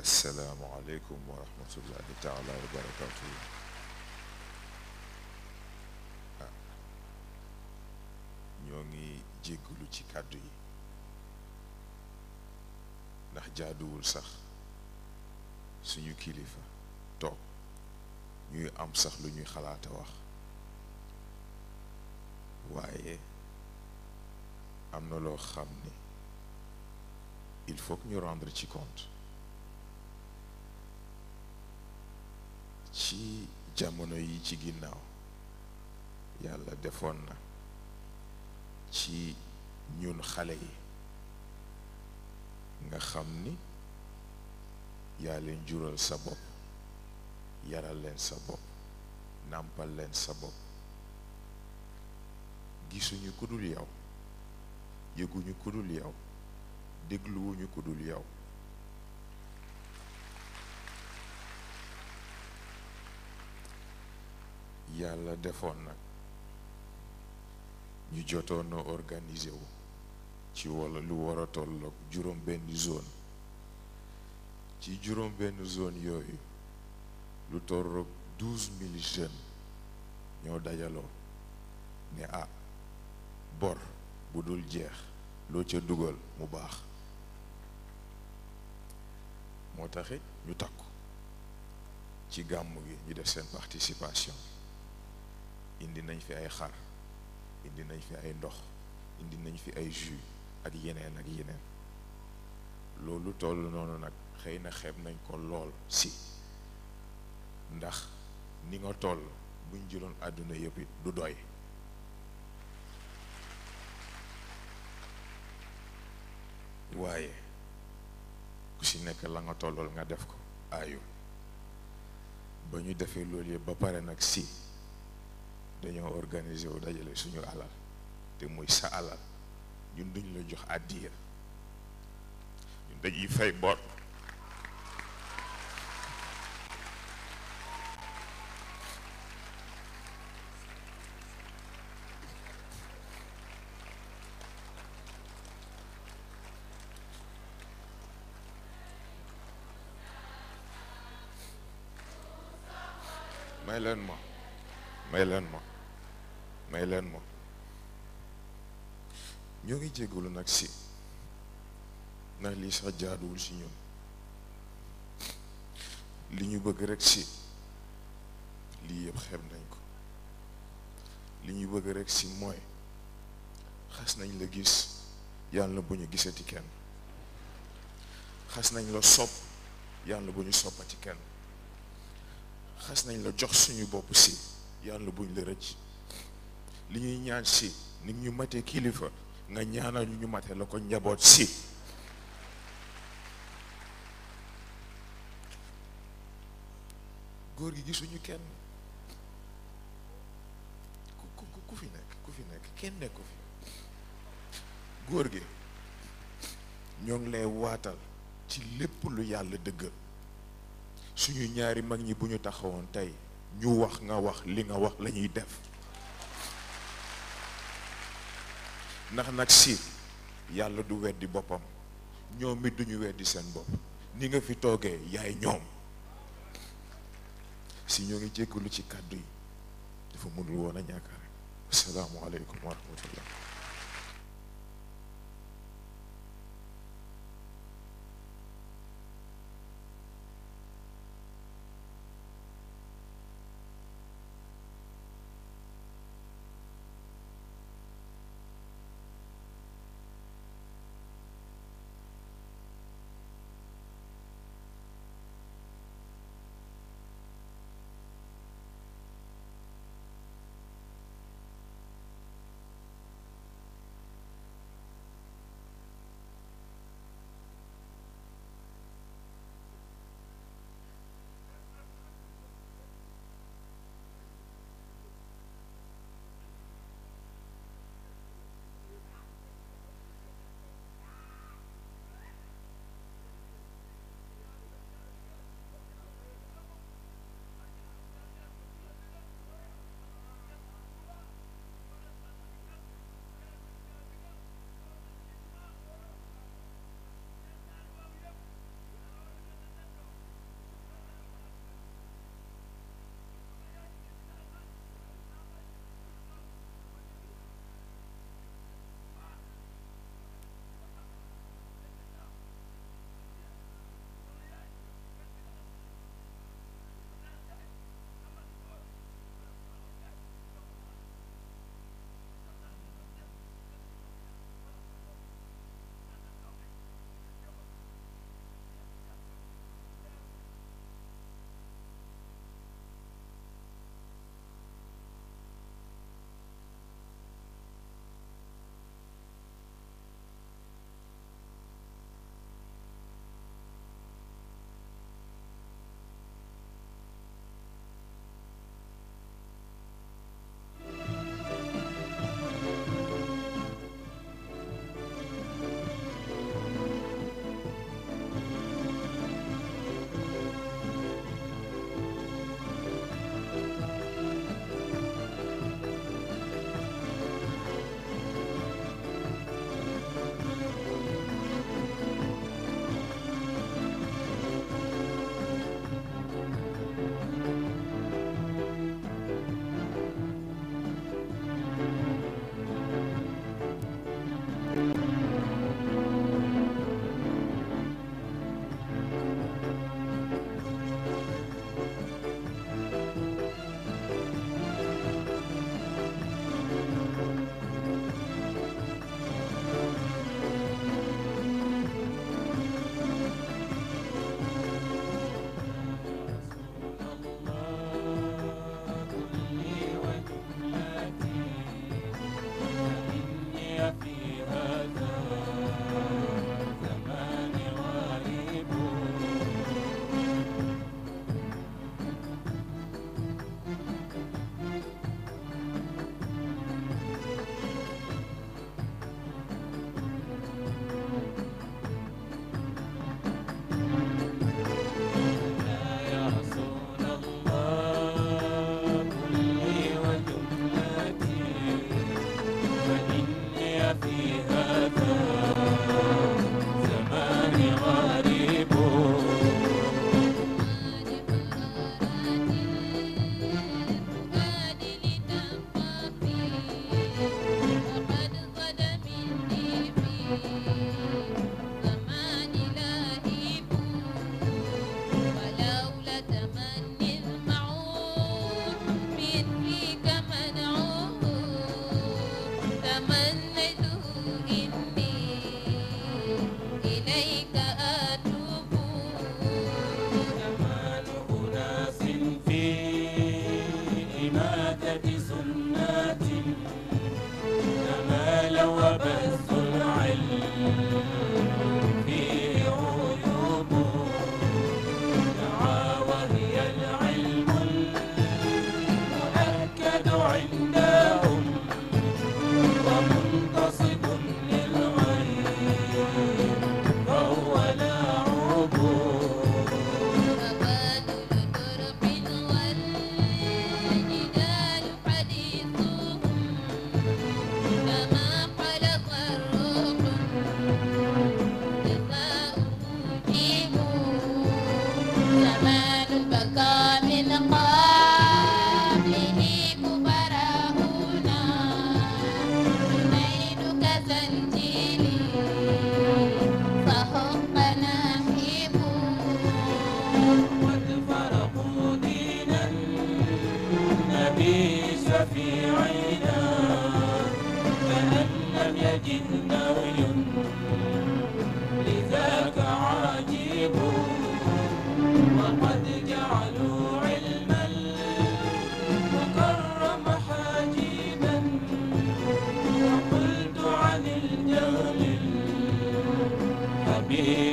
asalaamualeykum wa rahmatullahi taala wa ah, ñoo ngi jégglu ci kàddu yi ndax jaaduwul sax suñu kilifa toog ñuy am sax lu ñuy xalaata wax waaye am na loo xam ne il faut que rendre ci compte ci jamono yi ci ginnaaw yàlla defoon na ci ñun xale yi nga xam ni yaa leen jural sa bopp yaral leen sa bopp nàmpal leen sa bopp gisuñu ku dul yow yëguñu ku dul yow dégluwuñu ku dul yow yàlla defoon nag ñu jotoon a wu ci wala lu war a tolloog juróom benn zone ci juróom benn zone yooyu lu tolloog douze mille jeunes ñoo dajaloo ne ah bor bu dul jeex loo ca dugal mu baax moo taxit ñu takku ci gàmmu gi ñu def seen participation indi nañ fi ay xar indi nañ fi ay ndox indi nañ fi ay jus ak yeneen ak yeneen loolu toll noonu nag xëy na xeeb nañ ko lool si ndax ni nga toll buñ jëloon àdduna yëpp du doy waaye ku si nekk la nga tollool nga def ko aayu ba ñu defee loolu yëpp ba pare nag si dañoo organiser wu dajale suñu alal te muy sa alal ñun duñ la jox àddiya ñun fay bor may leen ma may leen ma may leen ma ñoo ngi jégalu nag si ndax lii sax jaaduwul si ñun li ñu bëgg rek si lii yëpp xeeb nañ ko li ñu bëgg rekk si mooy xas nañ la gis yàlla bu ñu gisati kenn xas nañ la sopp yàlla bu ñu soppati kenn xas nañ la jox suñu bopp si yàlla buñ la rëcc li ñuy ñaan si ni ñu mate kilifa nga ñaanal ñu mate la ko njaboot si góor gi gisuñu kenn ku ku ku fi nekk ku fi nekk kenn nekku fi góor gi ñoo ngi lay waatal ci lépp lu yàlla dëggal suñu ñaari mag ñi bu ñu taxawoon tey ñu wax nga wax li nga wax lañuy def ndax nag si yàlla du weddi boppam ñoom it duñu weddi seen bopp ni nga fi toogee yaay ñoom si ñoo ngi jégalu ci kàddu yi dafa mënul woon a ñàkk rek asalaamaaleykum wa be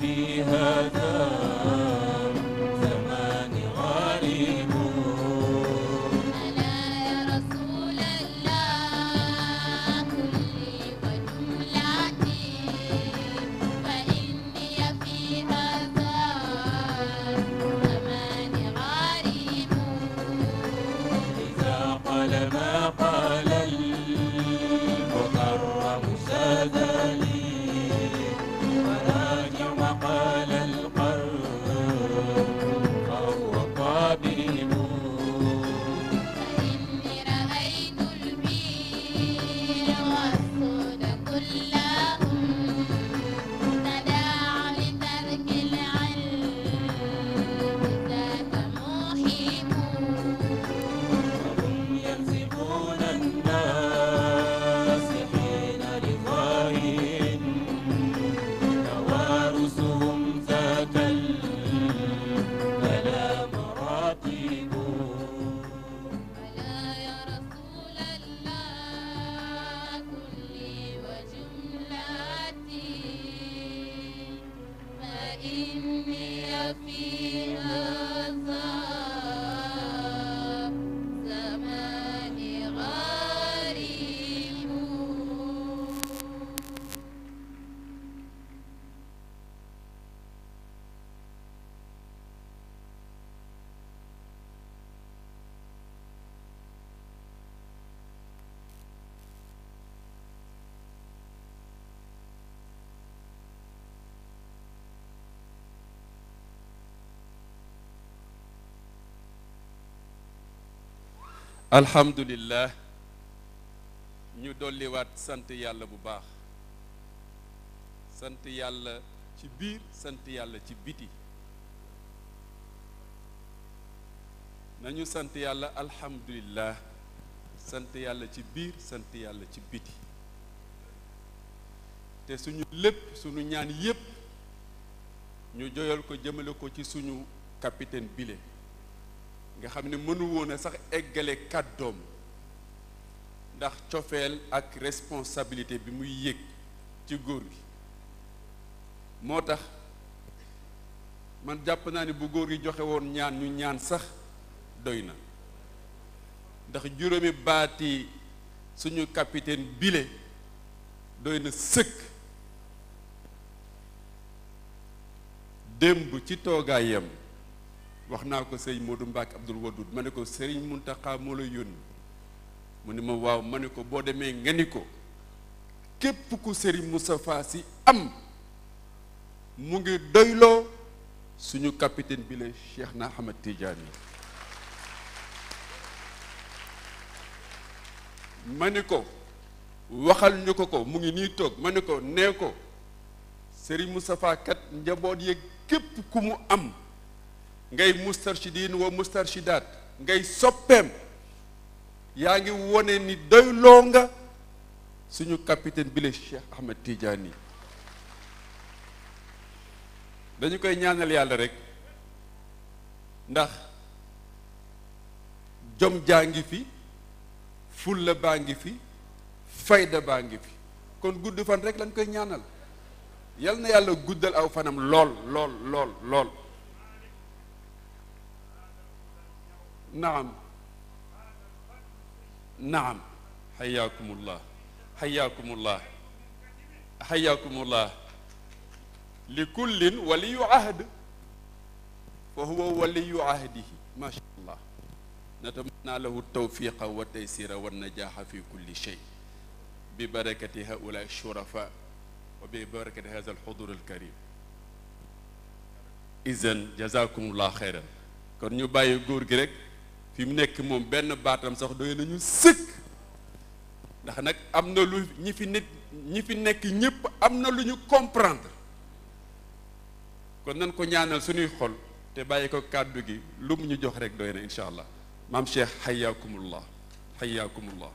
في هذا الزمان غريب ألا يا رسول الله كلي وجملتي فإني في هذا الزمان غريب إذا قال ما قال المكرم سادني alhamdulillah ñu dolliwaat sant yàlla bu baax sant yàlla ci biir sant yàlla ci biti nañu sant yàlla alhamdulillah sant yàlla ci biir ci biti te suñu lépp suñu ñaan yépp ñu joyal ko jëmale ko ci suñu capitaine bile nga xam ne mënu sax eggale kàddoom ndax cofeel ak responsabilité bi muy yëg ci góor gi moo tax man jàpp naa ni bu góor gi joxe woon ñaan ñu ñaan sax doy na ndax juróomi baati suñu capitaine bile doy na sëkk démb ci toogaayam wax ko sëñ Modou Mbacke Abdoul ma ne ko Serigne Mountakha moo la yónni mu ne ma waaw ma ko boo demee nga ni ko képp ku Serigne Moustapha Sy am mu ngi doyloo suñu capitaine bi la Cheikh na Ahmad Tidiane ma ne ko waxal ñu ko ko mu ngi nii toog ma ne ko nee ko Serigne Moustapha kat njaboot yeeg képp ku mu am. ngay mustarshidiin wa mustarshidaat ngay soppeem yaa ngi wone ni doyloo nga suñu capitaine bile Cheikh Ahmed Tidiane yi dañu koy ñaanal yàlla rek ndax jom jaa ngi fi fulla baa ngi fi fayda baa ngi fi kon gudd fan rek lañ koy ñaanal yal na yàlla guddal aw fanam lool lool lool lool naam naam xayaakumullah xayaakumullah xayaakumullah li kullin waliyu ahd fa huwa waliyu ahdihi maa sha allah natamanna lahu tawfiqa wa taysira wa najaxa fi kulli shay bi barakati haula shurafa wa bi barakati hada alxudur alkarim izan jazakumullah xeyran kon ñu bàyyi góor gi rek fi mu nekk moom benn baatam sax doy nañu sëkk ndax nag am na lu ñi fi nit ñi fi nekk ñépp am na lu ñu comprendre kon nan ko ñaanal suñuy xol te bàyyi ko kàddu gi lu mu ñu jox rek doy na incha allah maam cheikh xayaakumullah xayaakumullah